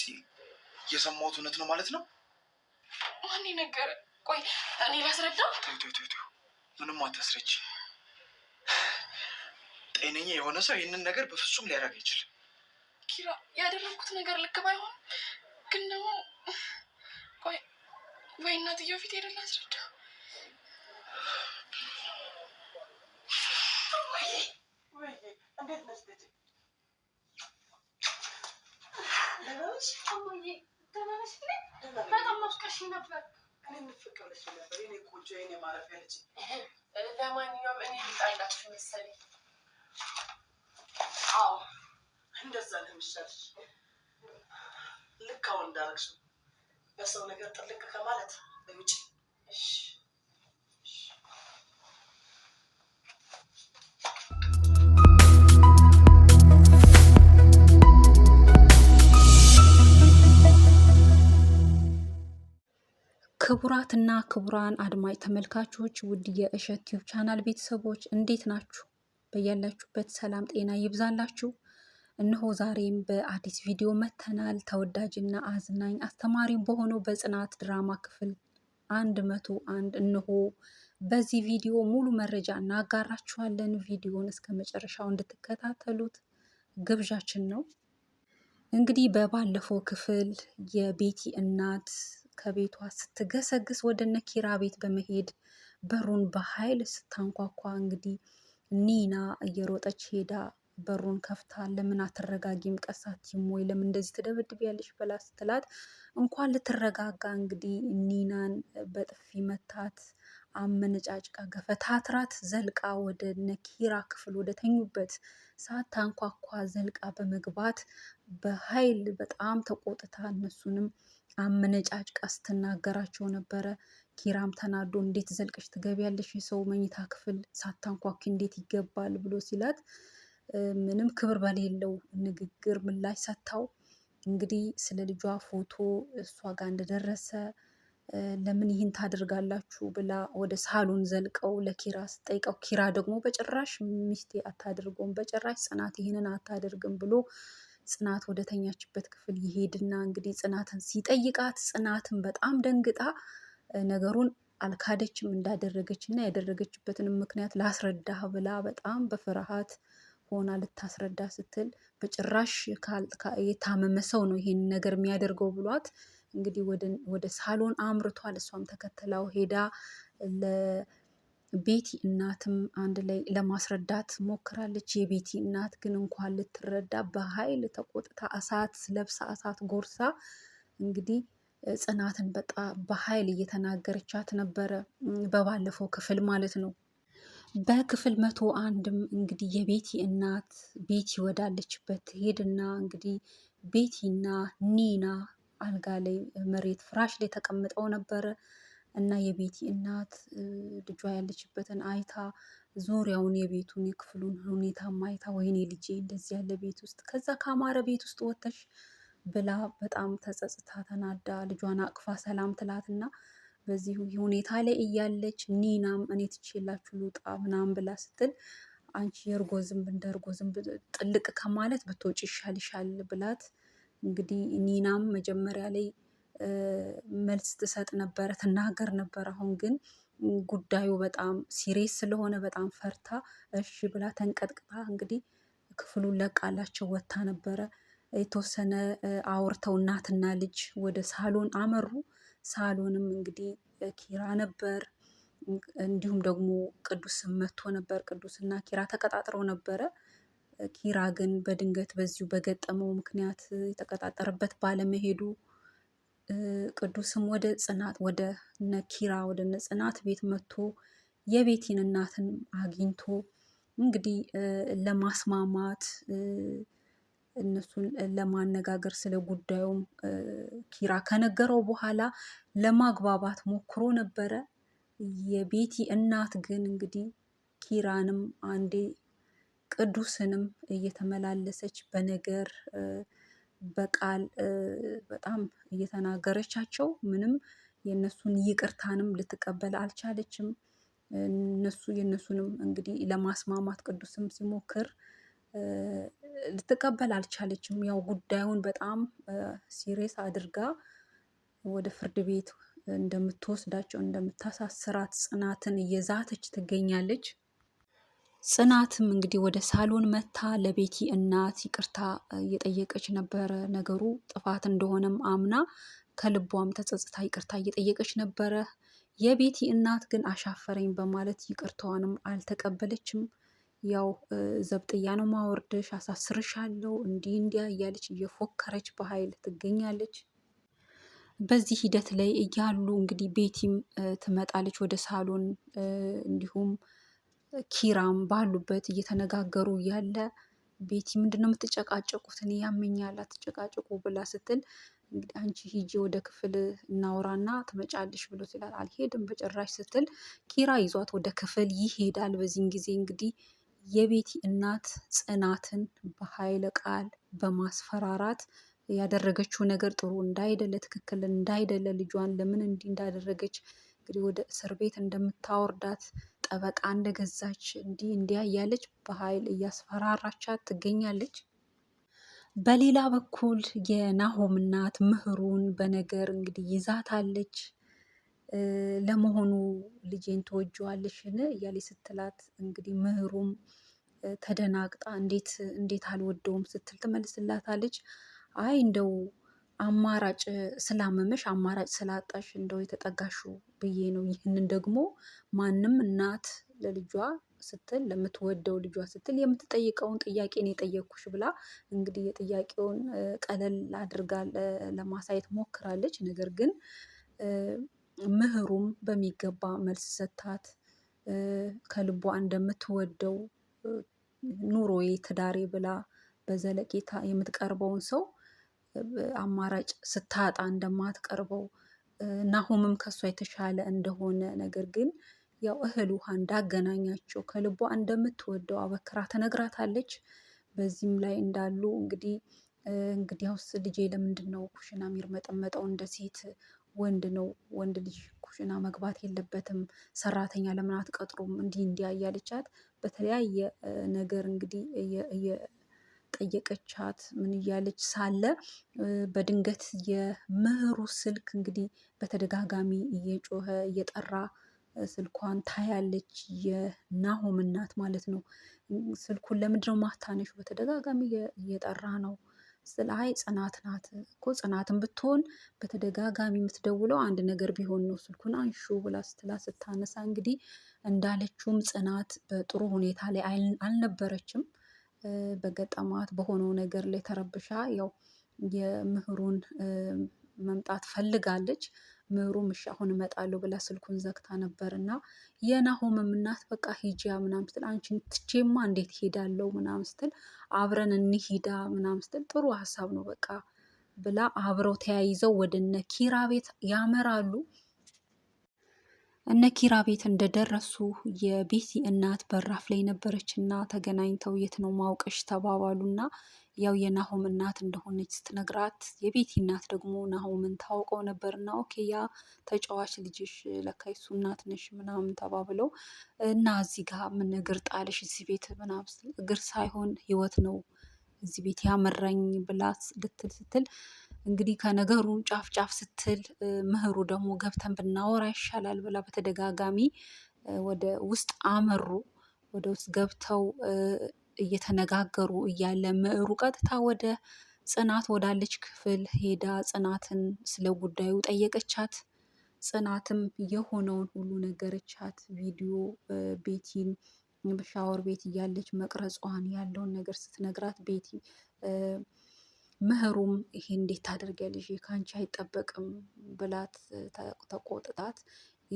ሲል የሰማሁት እውነት ነው ማለት ነው? ማን ነገር? ቆይ እኔ ላስረዳ። ምንም አታስረጅ። ጤነኛ የሆነ ሰው ይህንን ነገር በፍጹም ሊያደርግ አይችልም። ኪራ፣ ያደረግኩት ነገር ልክ ባይሆን ግን ደግሞ ቆይ ወይ እናትየው ፊት ሄደን አስረዳ እንዴት መስለች ማረፊያ ልጅ ለማንኛውም እኔ ሊጣላችሁ መሰለኝ። አዎ እንደዛ ነው የሚሻልሽ። ልክ አሁን እንዳረግሽ በሰው ነገር ጥልቅ ከማለት በውጭ ክቡራትና ክቡራን አድማጭ ተመልካቾች ውድ የእሸት ቲዩብ ቻናል ቤተሰቦች እንዴት ናችሁ? በያላችሁበት ሰላም ጤና ይብዛላችሁ። እነሆ ዛሬም በአዲስ ቪዲዮ መተናል። ተወዳጅና አዝናኝ አስተማሪ በሆነው በጽናት ድራማ ክፍል አንድ መቶ አንድ እነሆ በዚህ ቪዲዮ ሙሉ መረጃ እናጋራችኋለን። ቪዲዮን እስከ መጨረሻው እንድትከታተሉት ግብዣችን ነው። እንግዲህ በባለፈው ክፍል የቤቲ እናት ከቤቷ ስትገሰግስ ወደ ነኪራ ቤት በመሄድ በሩን በኃይል ስታንኳኳ እንግዲህ ኒና እየሮጠች ሄዳ በሩን ከፍታ ለምን አትረጋጊም? ቀሳት ወይ ለምን እንደዚህ ትደበድቢያለሽ? በላ ስትላት እንኳን ልትረጋጋ እንግዲህ ኒናን በጥፊ መታት። አመነጫጭቃ ገፈታትራት ዘልቃ ወደ ነኪራ ክፍል ወደ ተኙበት ሳታንኳኳ ዘልቃ በመግባት በኃይል በጣም ተቆጥታ እነሱንም አመነጫጭቃ ስትናገራቸው ነበረ። ኪራም ተናዶ እንዴት ዘልቅሽ ትገቢያለሽ? የሰው መኝታ ክፍል ሳታንኳኪ እንዴት ይገባል ብሎ ሲላት ምንም ክብር በሌለው ንግግር ምላሽ ሰጥታው እንግዲህ ስለ ልጇ ፎቶ እሷ ጋር እንደደረሰ ለምን ይህን ታደርጋላችሁ ብላ ወደ ሳሎን ዘልቀው ለኪራ ስጠይቀው ኪራ ደግሞ በጭራሽ ሚስቴ አታደርገውም፣ በጭራሽ ጽናት ይህንን አታደርግም ብሎ ጽናት ወደ ተኛችበት ክፍል ይሄድና እንግዲህ ጽናትን ሲጠይቃት ጽናትን በጣም ደንግጣ ነገሩን አልካደችም እንዳደረገች እና ያደረገችበትንም ምክንያት ላስረዳህ ብላ በጣም በፍርሃት ሆና ልታስረዳ ስትል በጭራሽ የታመመ ሰው ነው ይሄን ነገር የሚያደርገው ብሏት እንግዲህ ወደ ሳሎን አምርቷል። እሷም ተከትላው ሄዳ ቤቲ እናትም አንድ ላይ ለማስረዳት ሞክራለች። የቤቲ እናት ግን እንኳን ልትረዳ በኃይል ተቆጥታ እሳት ለብሳ እሳት ጎርሳ እንግዲህ ጽናትን በጣም በኃይል እየተናገረቻት ነበረ፣ በባለፈው ክፍል ማለት ነው። በክፍል መቶ አንድም እንግዲህ የቤቲ እናት ቤቲ ወዳለችበት ሄድና እንግዲህ ቤቲና ኒና አልጋ ላይ መሬት ፍራሽ ላይ ተቀምጠው ነበረ። እና የቤቲ እናት ልጇ ያለችበትን አይታ ዙሪያውን የቤቱን የክፍሉን ሁኔታ ማይታ ወይኔ ልጄ እንደዚህ ያለ ቤት ውስጥ ከዛ ከአማረ ቤት ውስጥ ወጥተሽ ብላ በጣም ተጸጽታ ተናዳ ልጇን አቅፋ ሰላም ትላትና በዚህ ሁኔታ ላይ እያለች ኒናም እኔ ትቼላችሁ ልውጣ ምናምን ብላ ስትል አንቺ የእርጎ ዝንብ እንደ እርጎ ዝንብ ጥልቅ ከማለት ብትወጪ ይሻልሻል ብላት እንግዲህ ኒናም መጀመሪያ ላይ መልስ ትሰጥ ነበረ፣ ትናገር ነበር። አሁን ግን ጉዳዩ በጣም ሲሬስ ስለሆነ በጣም ፈርታ እሺ ብላ ተንቀጥቅጣ እንግዲህ ክፍሉን ለቃላቸው ወታ ነበረ። የተወሰነ አውርተው እናትና ልጅ ወደ ሳሎን አመሩ። ሳሎንም እንግዲህ ኪራ ነበር፣ እንዲሁም ደግሞ ቅዱስ መጥቶ ነበር። ቅዱስና ኪራ ተቀጣጥረው ነበረ። ኪራ ግን በድንገት በዚሁ በገጠመው ምክንያት የተቀጣጠረበት ባለመሄዱ ቅዱስም ወደ ጽናት ወደ ነኪራ ወደ ነጽናት ቤት መጥቶ የቤቲን እናትን አግኝቶ እንግዲህ ለማስማማት እነሱን ለማነጋገር ስለ ጉዳዩም ኪራ ከነገረው በኋላ ለማግባባት ሞክሮ ነበረ። የቤቲ እናት ግን እንግዲህ ኪራንም አንዴ ቅዱስንም እየተመላለሰች በነገር በቃል በጣም እየተናገረቻቸው ምንም የእነሱን ይቅርታንም ልትቀበል አልቻለችም። እነሱ የእነሱንም እንግዲህ ለማስማማት ቅዱስም ሲሞክር ልትቀበል አልቻለችም። ያው ጉዳዩን በጣም ሲሬስ አድርጋ ወደ ፍርድ ቤት እንደምትወስዳቸው እንደምታሳስራት ጽናትን እየዛተች ትገኛለች። ጽናትም እንግዲህ ወደ ሳሎን መታ ለቤቲ እናት ይቅርታ እየጠየቀች ነበረ። ነገሩ ጥፋት እንደሆነም አምና ከልቧም ተጸጽታ ይቅርታ እየጠየቀች ነበረ። የቤቲ እናት ግን አሻፈረኝ በማለት ይቅርታዋንም አልተቀበለችም። ያው ዘብጥያ ነው ማወርድሽ፣ አሳስርሻለሁ፣ እንዲህ እንዲያ እያለች እየፎከረች በኃይል ትገኛለች። በዚህ ሂደት ላይ እያሉ እንግዲህ ቤቲም ትመጣለች ወደ ሳሎን እንዲሁም ኪራም ባሉበት እየተነጋገሩ ያለ ቤቲ ምንድን ነው የምትጨቃጨቁት? እኔ ያመኛል አትጨቃጨቁ ብላ ስትል እንግዲህ አንቺ ሂጂ ወደ ክፍል እናውራና ትመጫለሽ ብሎ ሲላል አልሄድም በጭራሽ ስትል ኪራ ይዟት ወደ ክፍል ይሄዳል። በዚህን ጊዜ እንግዲህ የቤቲ እናት ጽናትን በኃይለ ቃል በማስፈራራት ያደረገችው ነገር ጥሩ እንዳይደለ፣ ትክክል እንዳይደለ ልጇን ለምን እንዲህ እንዳደረገች እንግዲህ ወደ እስር ቤት እንደምታወርዳት ጠበቃ እንደገዛች እንዲህ እንዲያ እያለች በኃይል እያስፈራራቻት ትገኛለች። በሌላ በኩል የናሆም እናት ምህሩን በነገር እንግዲህ ይዛታለች። ለመሆኑ ልጄን ትወጂዋለሽን እያለች ስትላት እንግዲህ ምህሩም ተደናግጣ እንዴት እንዴት አልወደውም ስትል ትመልስላታለች። አይ እንደው አማራጭ ስላመመሽ አማራጭ ስላጣሽ እንደው የተጠጋሹ ብዬ ነው። ይህንን ደግሞ ማንም እናት ለልጇ ስትል ለምትወደው ልጇ ስትል የምትጠይቀውን ጥያቄ ነው የጠየቅኩሽ ብላ እንግዲህ የጥያቄውን ቀለል አድርጋ ለማሳየት ሞክራለች። ነገር ግን ምህሩም በሚገባ መልስ ሰታት ከልቧ እንደምትወደው ኑሮዬ፣ ትዳሬ ብላ በዘለቄታ የምትቀርበውን ሰው አማራጭ ስታጣ እንደማትቀርበው ናሆምም ከእሷ የተሻለ እንደሆነ ነገር ግን ያው እህል ውሃ እንዳገናኛቸው ከልቧ እንደምትወደው አበክራ ተነግራታለች። በዚህም ላይ እንዳሉ እንግዲህ እንግዲያውስ ልጄ ለምንድን ነው ኩሽና የሚርመጠመጠው? እንደ ሴት ወንድ ነው ወንድ ልጅ ኩሽና መግባት የለበትም። ሰራተኛ ለምን አትቀጥሩም? እንዲህ እንዲያ እያለቻት በተለያየ ነገር እንግዲህ እየጠየቀቻት ምን እያለች ሳለ በድንገት የምህሩ ስልክ እንግዲህ በተደጋጋሚ እየጮኸ እየጠራ ስልኳን ታያለች። የናሆም እናት ማለት ነው። ስልኩን ለምንድነው ማታነሹ? በተደጋጋሚ እየጠራ ነው ስል አይ ጽናት ናት እኮ ጽናትን ብትሆን በተደጋጋሚ የምትደውለው አንድ ነገር ቢሆን ነው ስልኩን አንሹ ብላ ስትላ ስታነሳ እንግዲህ እንዳለችውም ጽናት በጥሩ ሁኔታ ላይ አልነበረችም። በገጠማት በሆነው ነገር ላይ ተረብሻ ያው የምህሩን መምጣት ፈልጋለች። ምህሩም እሺ አሁን እመጣለሁ ብላ ስልኩን ዘግታ ነበር እና የናሆምም እናት በቃ ሂጃ ምናምን ስትል አንቺን ትቼማ እንዴት ሄዳለሁ ምናምስትል ስትል አብረን እንሂዳ ምናምን ስትል ጥሩ ሀሳብ ነው በቃ ብላ አብረው ተያይዘው ወደነ ኪራ ቤት ያመራሉ። እነ ኪራ ቤት እንደደረሱ የቤቲ እናት በራፍ ላይ ነበረች እና ተገናኝተው የት ነው ማውቀሽ ተባባሉ እና ያው የናሆም እናት እንደሆነች ስትነግራት የቤቲ እናት ደግሞ ናሆምን ታውቀው ነበር እና ኦኬ ያ ተጫዋች ልጅሽ ለካ የሱ እናት ነሽ ምናምን ተባብለው እና እዚህ ጋ ምን እግር ጣልሽ እዚህ ቤት ምናምን እግር ሳይሆን ህይወት ነው እዚህ ቤት ያመራኝ ብላት ልትል ስትል እንግዲህ ከነገሩ ጫፍ ጫፍ ስትል ምህሩ ደግሞ ገብተን ብናወራ ይሻላል ብላ በተደጋጋሚ ወደ ውስጥ አመሩ። ወደ ውስጥ ገብተው እየተነጋገሩ እያለ ምዕሩ ቀጥታ ወደ ጽናት ወዳለች ክፍል ሄዳ ጽናትን ስለ ጉዳዩ ጠየቀቻት። ጽናትም የሆነውን ሁሉ ነገረቻት። ቪዲዮ ቤቲን በሻወር ቤት እያለች መቅረጿን ያለውን ነገር ስትነግራት ቤቲ ምህሩም ይሄ እንዴት ልጅ ከአንቺ አይጠበቅም ብላት ተቆጥጣት፣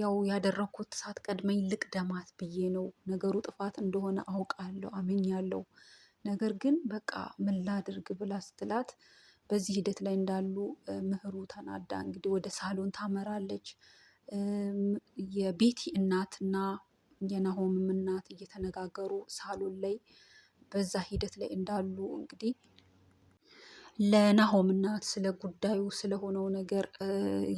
ያው ያደረግኩት ሳትቀድመኝ ልቅደማት ብዬ ነው። ነገሩ ጥፋት እንደሆነ አውቃለሁ፣ አምኛለሁ። ነገር ግን በቃ ምን ላድርግ ብላ ስትላት በዚህ ሂደት ላይ እንዳሉ ምህሩ ተናዳ እንግዲህ ወደ ሳሎን ታመራለች። የቤቲ እናትና የናሆምም እናት እየተነጋገሩ ሳሎን ላይ በዛ ሂደት ላይ እንዳሉ እንግዲህ ለናሆም እናት ስለ ጉዳዩ ስለሆነው ነገር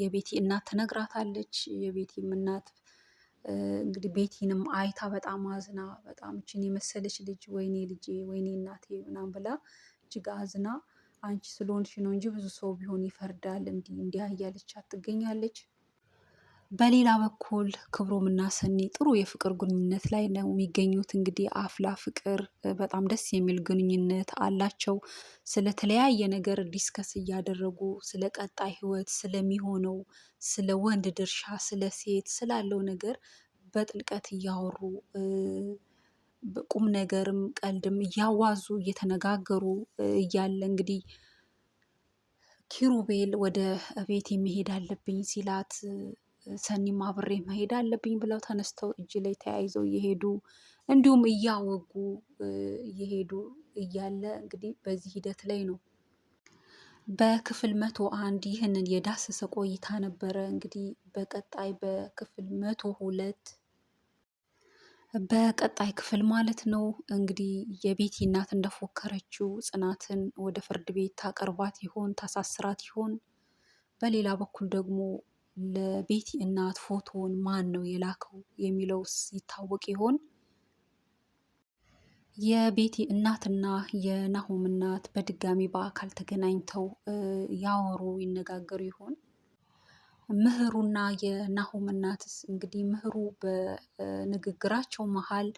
የቤቲ እናት ትነግራታለች። የቤቲም እናት እንግዲህ ቤቲንም አይታ በጣም አዝና በጣም እችን የመሰለች ልጅ ወይኔ ልጄ ወይኔ እናቴ ምናምን ብላ እጅግ አዝና አንቺ ስለሆንሽ ነው እንጂ ብዙ ሰው ቢሆን ይፈርዳል እንዲህ እንዲያ እያለቻት ትገኛለች። በሌላ በኩል ክብሮም እና ሰኒ ጥሩ የፍቅር ግንኙነት ላይ ነው የሚገኙት። እንግዲህ አፍላ ፍቅር በጣም ደስ የሚል ግንኙነት አላቸው። ስለተለያየ ነገር ዲስከስ እያደረጉ ስለ ቀጣይ ህይወት፣ ስለሚሆነው፣ ስለ ወንድ ድርሻ፣ ስለ ሴት ስላለው ነገር በጥልቀት እያወሩ ቁም ነገርም ቀልድም እያዋዙ እየተነጋገሩ እያለ እንግዲህ ኪሩቤል ወደ ቤት መሄድ አለብኝ ሲላት ሰኒ ማብሬ መሄድ አለብኝ ብለው ተነስተው እጅ ላይ ተያይዘው እየሄዱ እንዲሁም እያወጉ እየሄዱ እያለ እንግዲህ በዚህ ሂደት ላይ ነው በክፍል መቶ አንድ ይህንን የዳሰሰ ቆይታ ነበረ። እንግዲህ በቀጣይ በክፍል መቶ ሁለት በቀጣይ ክፍል ማለት ነው እንግዲህ የቤቲ እናት እንደፎከረችው ጽናትን ወደ ፍርድ ቤት ታቀርባት ይሆን? ታሳስራት ይሆን? በሌላ በኩል ደግሞ ለቤቲ እናት ፎቶውን ማን ነው የላከው የሚለውስ ይታወቅ ይሆን? የቤቲ እናትና የናሆም እናት በድጋሚ በአካል ተገናኝተው ያወሩ ይነጋገሩ ይሆን? ምህሩና የናሆም እናትስ እንግዲህ ምህሩ በንግግራቸው መሀል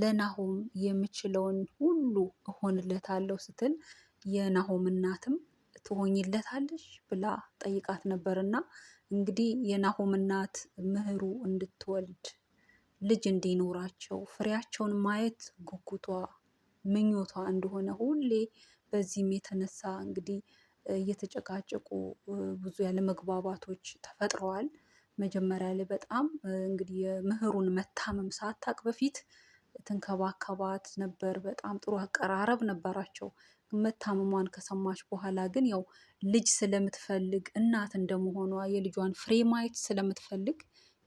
ለናሆም የምችለውን ሁሉ እሆንለታለሁ ስትል የናሆም እናትም ትሆኝለታለሽ ብላ ጠይቃት ነበርና እንግዲህ የናሆም እናት ምህሩ እንድትወልድ ልጅ እንዲኖራቸው ፍሬያቸውን ማየት ጉጉቷ ምኞቷ እንደሆነ ሁሌ በዚህም የተነሳ እንግዲህ እየተጨቃጨቁ ብዙ ያለመግባባቶች ተፈጥረዋል። መጀመሪያ ላይ በጣም እንግዲህ የምህሩን መታመም ሳታቅ በፊት ትንከባከባት ነበር። በጣም ጥሩ አቀራረብ ነበራቸው። መታመሟን ከሰማች በኋላ ግን ያው ልጅ ስለምትፈልግ እናት እንደመሆኗ የልጇን ፍሬ ማየት ስለምትፈልግ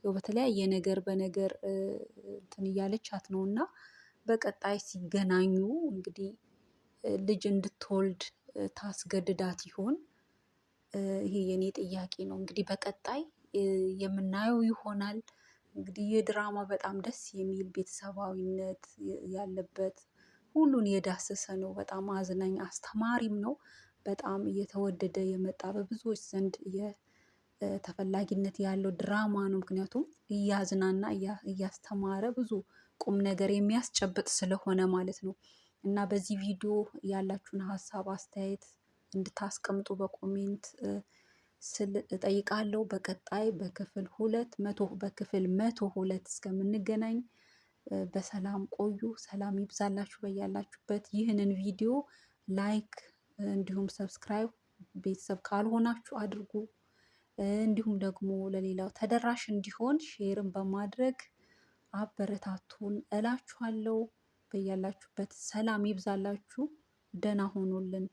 ያው በተለያየ ነገር በነገር እንትን እያለቻት ነው እና በቀጣይ ሲገናኙ እንግዲህ ልጅ እንድትወልድ ታስገድዳት ይሆን? ይሄ የኔ ጥያቄ ነው። እንግዲህ በቀጣይ የምናየው ይሆናል። እንግዲህ የድራማ በጣም ደስ የሚል ቤተሰባዊነት ያለበት ሁሉን የዳሰሰ ነው። በጣም አዝናኝ አስተማሪም ነው። በጣም እየተወደደ የመጣ በብዙዎች ዘንድ ተፈላጊነት ያለው ድራማ ነው። ምክንያቱም እያዝናና እያስተማረ ብዙ ቁም ነገር የሚያስጨብጥ ስለሆነ ማለት ነው። እና በዚህ ቪዲዮ ያላችሁን ሀሳብ አስተያየት እንድታስቀምጡ በኮሜንት ስል እጠይቃለሁ። በቀጣይ በክፍል ሁለት መቶ በክፍል መቶ ሁለት እስከምንገናኝ በሰላም ቆዩ። ሰላም ይብዛላችሁ በያላችሁበት። ይህንን ቪዲዮ ላይክ እንዲሁም ሰብስክራይብ ቤተሰብ ካልሆናችሁ አድርጉ። እንዲሁም ደግሞ ለሌላው ተደራሽ እንዲሆን ሼርን በማድረግ አበረታቱን እላችኋለሁ። በያላችሁበት ሰላም ይብዛላችሁ። ደህና ሆኖልን